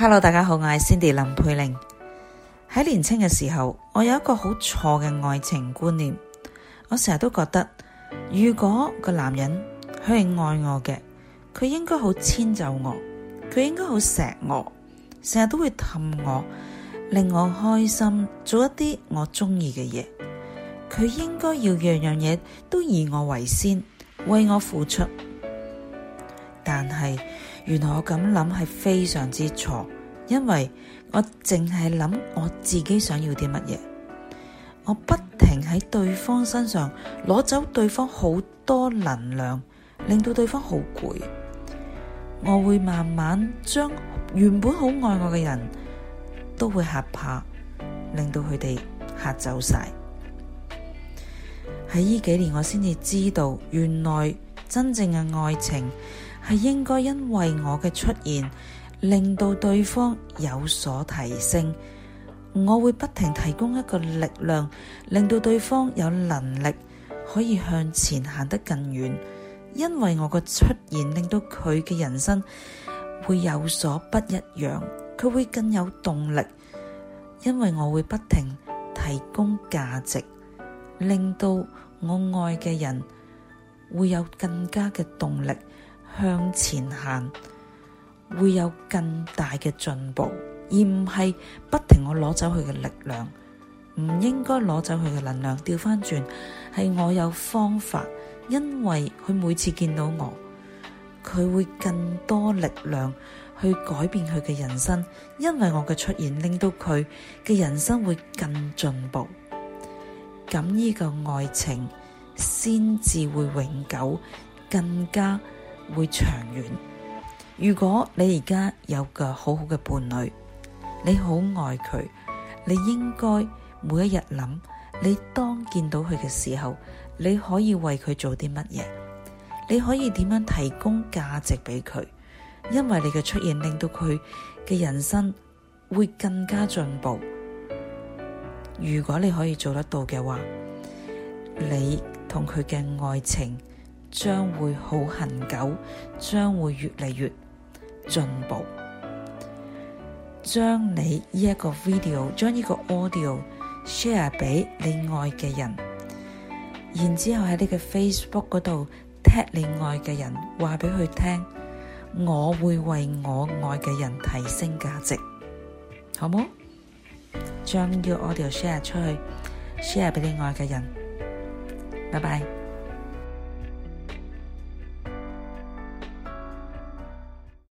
Hello，大家好，我係 Cindy 林佩玲。喺年輕嘅時候，我有一個好錯嘅愛情觀念。我成日都覺得，如果個男人佢係愛我嘅，佢應該好遷就我，佢應該好錫我，成日都會氹我，令我開心，做一啲我鍾意嘅嘢。佢應該要樣樣嘢都以我為先，為我付出。但係原來我咁諗係非常之錯，因為我淨係諗我自己想要啲乜嘢，我不停喺對方身上攞走對方好多能量，令到對方好攰。我會慢慢將原本好愛我嘅人都會吓怕，令到佢哋吓走晒。喺呢幾年我先至知道，原來真正嘅愛情。係應該因為我嘅出現，令到對方有所提升。我會不停提供一個力量，令到對方有能力可以向前行得更遠。因為我嘅出現令到佢嘅人生會有所不一樣，佢會更有動力。因為我會不停提供價值，令到我愛嘅人會有更加嘅動力。向前行會有更大嘅進步，而唔係不停我攞走佢嘅力量，唔應該攞走佢嘅能量。掉返轉，係我有方法，因為佢每次見到我，佢會更多力量去改變佢嘅人生，因為我嘅出現，令到佢嘅人生會更進步。咁呢個愛情先至會永久，更加。會長遠。如果你而家有個好好嘅伴侶，你好愛佢，你應該每一日諗，你當見到佢嘅時候，你可以為佢做啲乜嘢？你可以點樣提供價值俾佢？因為你嘅出現令到佢嘅人生會更加進步。如果你可以做得到嘅話，你同佢嘅愛情，將會好恆久，將會越嚟越進步。將你呢一個 video，將呢個 audio share 俾你愛嘅人，然之後喺呢個 Facebook 嗰度 tag 你愛嘅人，話俾佢聽，我會為我愛嘅人提升價值，好冇？將呢個 audio share 出去，share 俾你愛嘅人。拜拜。